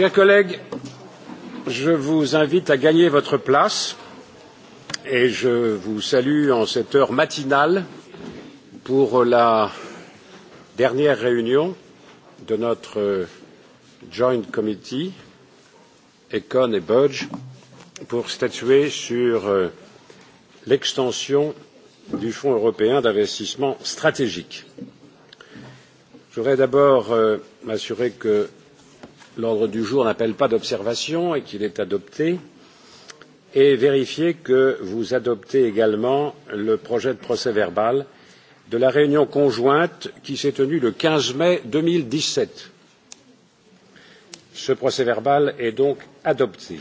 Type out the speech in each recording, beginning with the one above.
Chers collègues, je vous invite à gagner votre place et je vous salue en cette heure matinale pour la dernière réunion de notre joint committee Econ et Budge pour statuer sur euh, l'extension du Fonds européen d'investissement stratégique. Je voudrais d'abord euh, m'assurer que l'ordre du jour n'appelle pas d'observation et qu'il est adopté et vérifier que vous adoptez également le projet de procès verbal de la réunion conjointe qui s'est tenue le quinze mai deux mille dix sept ce procès verbal est donc adopté.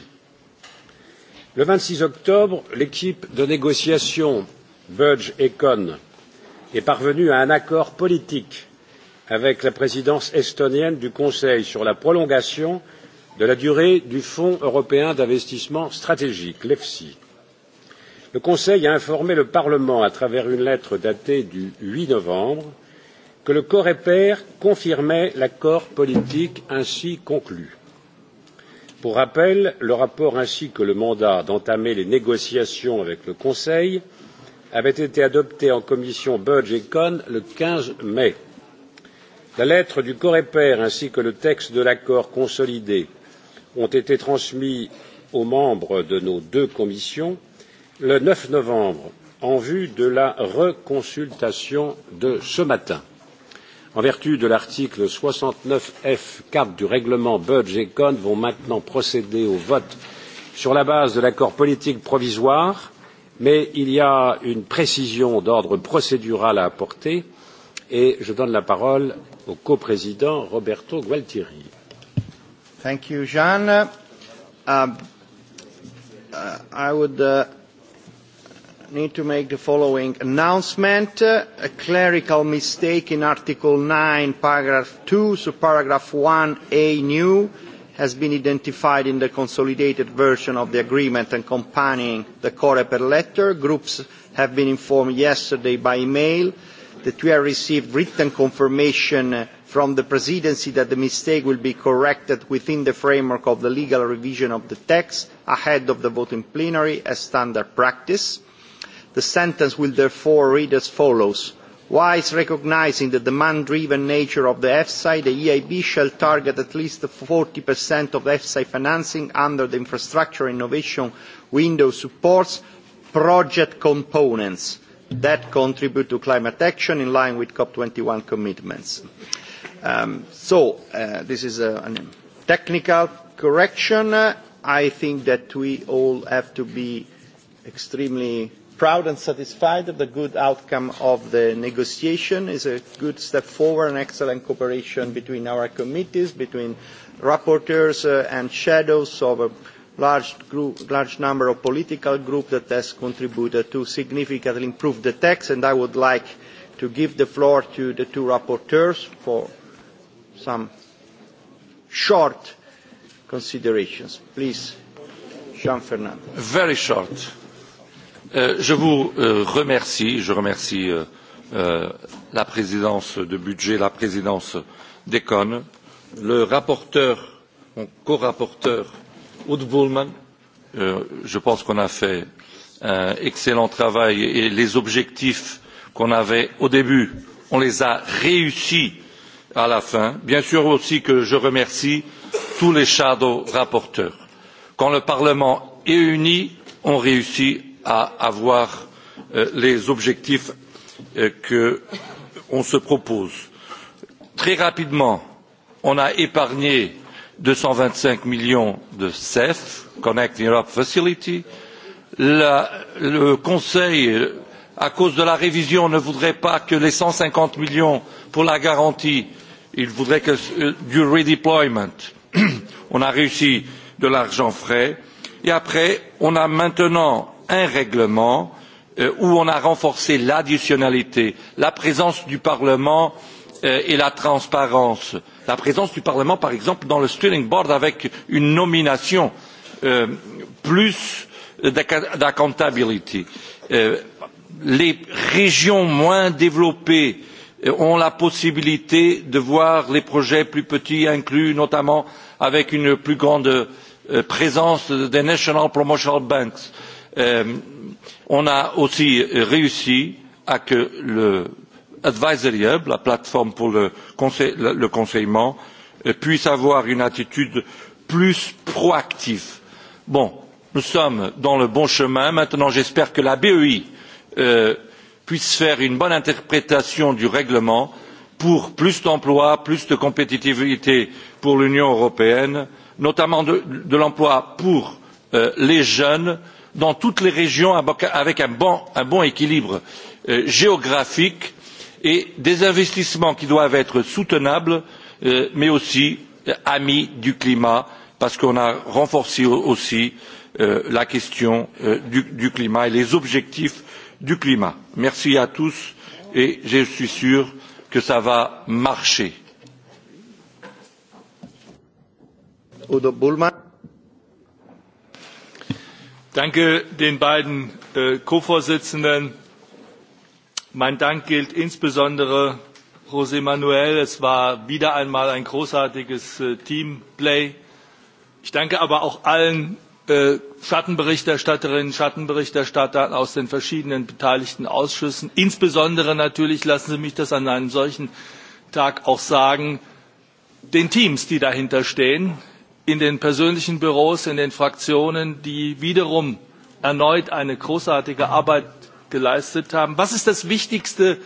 le vingt six octobre l'équipe de négociation budg econ est parvenue à un accord politique avec la présidence estonienne du Conseil sur la prolongation de la durée du Fonds européen d'investissement stratégique, l'EFSI. Le Conseil a informé le Parlement, à travers une lettre datée du 8 novembre, que le Coreper confirmait l'accord politique ainsi conclu. Pour rappel, le rapport ainsi que le mandat d'entamer les négociations avec le Conseil avait été adopté en commission Budge et Con le 15 mai la lettre du coreper ainsi que le texte de l'accord consolidé ont été transmis aux membres de nos deux commissions le neuf novembre en vue de la reconsultation de ce matin. en vertu de l'article soixante neuf paragraphe quatre du règlement budg et con vont maintenant procéder au vote sur la base de l'accord politique provisoire mais il y a une précision d'ordre procédural à apporter et je donne la parole au coprésident Roberto Gualtieri. Thank you, Jean. Uh, uh, I would uh, need to make the following announcement. Uh, a clerical mistake in Article 9, paragraph 2, so paragraph 1a new has been identified in the consolidated version of the agreement accompanying the Coreper letter. Groups have been informed yesterday by email that we have received written confirmation uh, from the presidency that the mistake will be corrected within the framework of the legal revision of the text ahead of the vote in plenary as standard practice. The sentence will therefore read as follows. Whilst recognising the demand-driven nature of the EFSI, the EIB shall target at least 40% of EFSI financing under the infrastructure innovation window supports project components that contribute to climate action in line with COP21 commitments. Um, so uh, this is a, a technical correction. I think that we all have to be extremely proud and satisfied of the good outcome of the negotiation. It's a good step forward and excellent cooperation between our committees, between rapporteurs uh, and shadows of a large, group, large number of political groups that has contributed to significantly improve the text, and I would like to give the floor to the two rapporteurs for some short considerations. Please, Jean Fernand. Very short. Euh, je vous euh, remercie, je remercie euh, euh, la présidence de budget, la présidence d'Econ, le rapporteur, mon co-rapporteur euh, Aude Bullman. Euh, je pense qu'on a fait un excellent travail et les objectifs qu'on avait au début, on les a réussis à la fin. Bien sûr aussi que je remercie tous les shadow rapporteurs. Quand le Parlement est uni, on réussit à avoir euh, les objectifs euh, qu'on se propose. Très rapidement, on a épargné euh, deux cent vingt cinq millions de cef connecting europe facility la, le conseil à cause de la révision ne voudrait pas que les cent cinquante millions pour la garantie il voudrait que euh, du redeployment on a réussi de l'argent frais et après on a maintenant un règlement euh, où on a renforcé l'additionnalité la présence du parlement euh, et la transparence. Euh, la présence du parlement par exemple dans le steering board avec une nomination euh, plus d'accountability. Euh, les régions moins développées euh, ont la possibilité de voir les projets plus petits inclus notamment avec une plus grande euh, présence des national promotional banks. Euh, on a aussi réussi à ce que le advisory hub la plateforme pour le, conseil, le conseillement euh, puisse avoir une attitude plus proactive. bon nous sommes dans le bon chemin maintenant j'espère que la bei euh, puisse faire une bonne interprétation du règlement pour plus d'emplois plus de compétitivité pour l'union européenne notamment de, de l'emploi pour euh, les jeunes dans toutes les régions avec un bon, un bon équilibre euh, géographique et des investissements qui doivent être soutenables euh, mais aussi euh, amis du climat parce qu'on a renforcé aussi euh, la question euh, du, du climat et les objectifs du climat. Merci à tous et je suis sûr que ça va marcher. Udo Bullmann. Danke den beiden äh, Co-Vorsitzenden Mein Dank gilt insbesondere José Manuel. Es war wieder einmal ein großartiges äh, Teamplay. Ich danke aber auch allen äh, Schattenberichterstatterinnen, Schattenberichterstattern aus den verschiedenen beteiligten Ausschüssen. Insbesondere natürlich, lassen Sie mich das an einem solchen Tag auch sagen, den Teams, die dahinter stehen, in den persönlichen Büros, in den Fraktionen, die wiederum erneut eine großartige Arbeit geleistet haben. was ist das wichtigste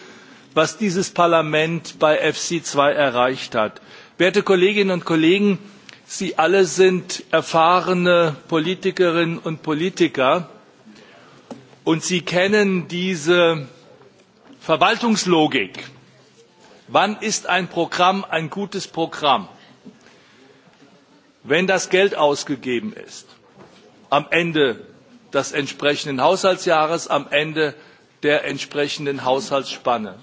was dieses parlament bei efsi zwei erreicht hat? werte kolleginnen und kollegen sie alle sind erfahrene politikerinnen und politiker und sie kennen diese verwaltungslogik wann ist ein programm ein gutes programm? wenn das geld ausgegeben ist am ende des entsprechenden haushaltsjahres am ende der entsprechenden haushaltsspanne.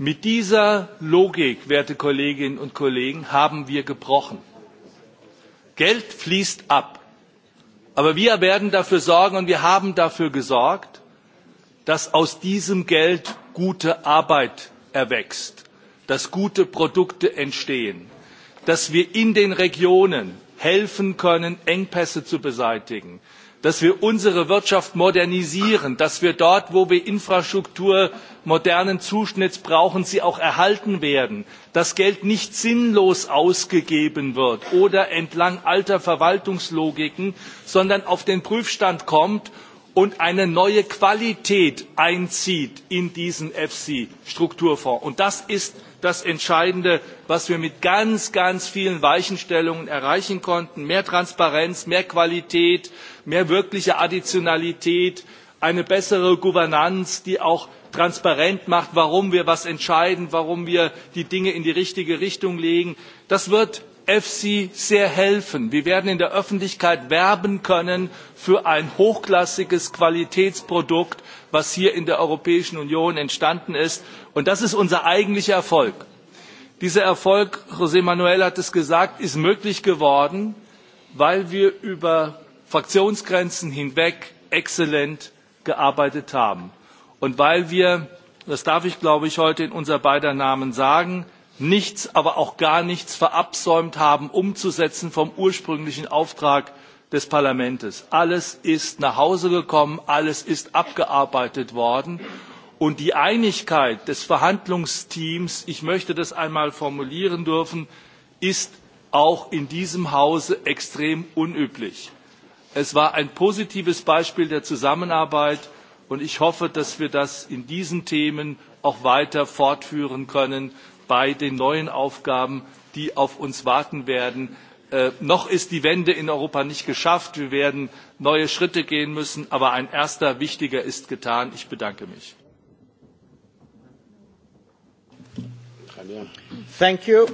mit dieser logik werte kolleginnen und kollegen haben wir gebrochen. geld fließt ab aber wir werden dafür sorgen und wir haben dafür gesorgt dass aus diesem geld gute arbeit erwächst dass gute produkte entstehen dass wir in den regionen helfen können engpässe zu beseitigen dass wir unsere wirtschaft modernisieren dass wir dort wo wir infrastruktur modernen zuschnitts brauchen sie auch erhalten werden dass geld nicht sinnlos ausgegeben wird oder entlang alter verwaltungslogiken sondern auf den prüfstand kommt und eine neue qualität einzieht in diesen efsi strukturfonds. und das ist das Entscheidende, was wir mit ganz, ganz vielen Weichenstellungen erreichen konnten. Mehr Transparenz, mehr Qualität, mehr wirkliche Additionalität, eine bessere Gouvernance, die auch transparent macht, warum wir was entscheiden, warum wir die Dinge in die richtige Richtung legen. Das wird EFSI sehr helfen. Wir werden in der Öffentlichkeit werben können für ein hochklassiges Qualitätsprodukt, was hier in der Europäischen Union entstanden ist. Und das ist unser eigentlicher Erfolg. Dieser Erfolg, José Manuel hat es gesagt, ist möglich geworden, weil wir über Fraktionsgrenzen hinweg exzellent gearbeitet haben und weil wir das darf ich glaube ich heute in unser beider namen sagen nichts aber auch gar nichts verabsäumt haben umzusetzen vom ursprünglichen auftrag des parlaments. alles ist nach hause gekommen alles ist abgearbeitet worden und die einigkeit des verhandlungsteams ich möchte das einmal formulieren dürfen ist auch in diesem hause extrem unüblich. es war ein positives beispiel der zusammenarbeit und ich hoffe dass wir das in diesen themen auch weiter fortführen können bei den neuen Aufgaben, die auf uns warten werden. Äh, noch ist die Wende in Europa nicht geschafft. Wir werden neue Schritte gehen müssen, aber ein erster wichtiger ist getan. Ich bedanke mich. Thank you.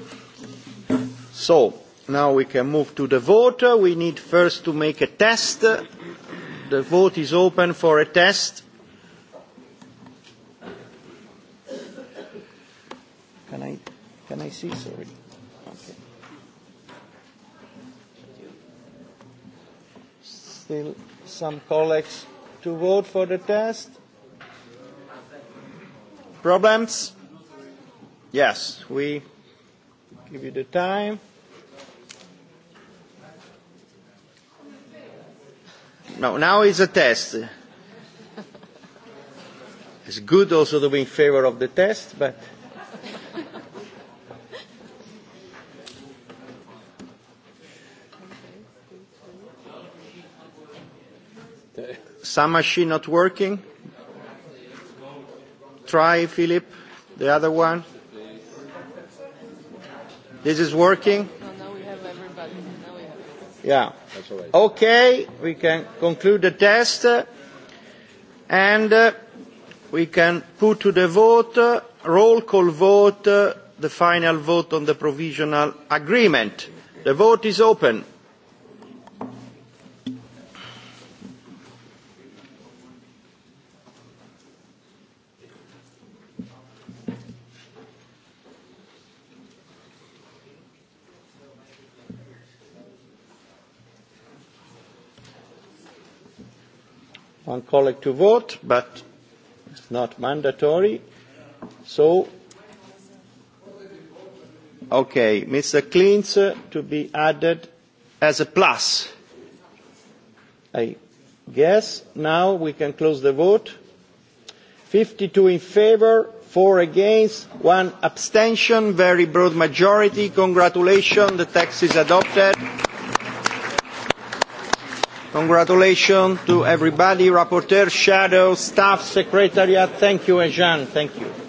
So, now we can move to the vote. We need first to make a test. The vote is open for a test. Can I see? Sorry. Okay. Still some colleagues to vote for the test. Problems? Yes, we give you the time. No, now is a test. It's good also to be in favor of the test, but. Some machine not working? Try, Philip, the other one. This is working? No, oh, now we have everybody. Now we have yeah. That's all right. Okay, we can conclude the test. Uh, and uh, we can put to the vote, uh, roll call vote, uh, the final vote on the provisional agreement. The vote is open. one colleague to vote, but it's not mandatory. So, okay, Mr. Klintz uh, to be added as a plus. I guess now we can close the vote. 52 in favor, 4 against, 1 abstention, very broad majority. Congratulations, the text is adopted. Congratulations to everybody, rapporteur, shadow, staff, secretariat. Thank you, Ejan. Thank you.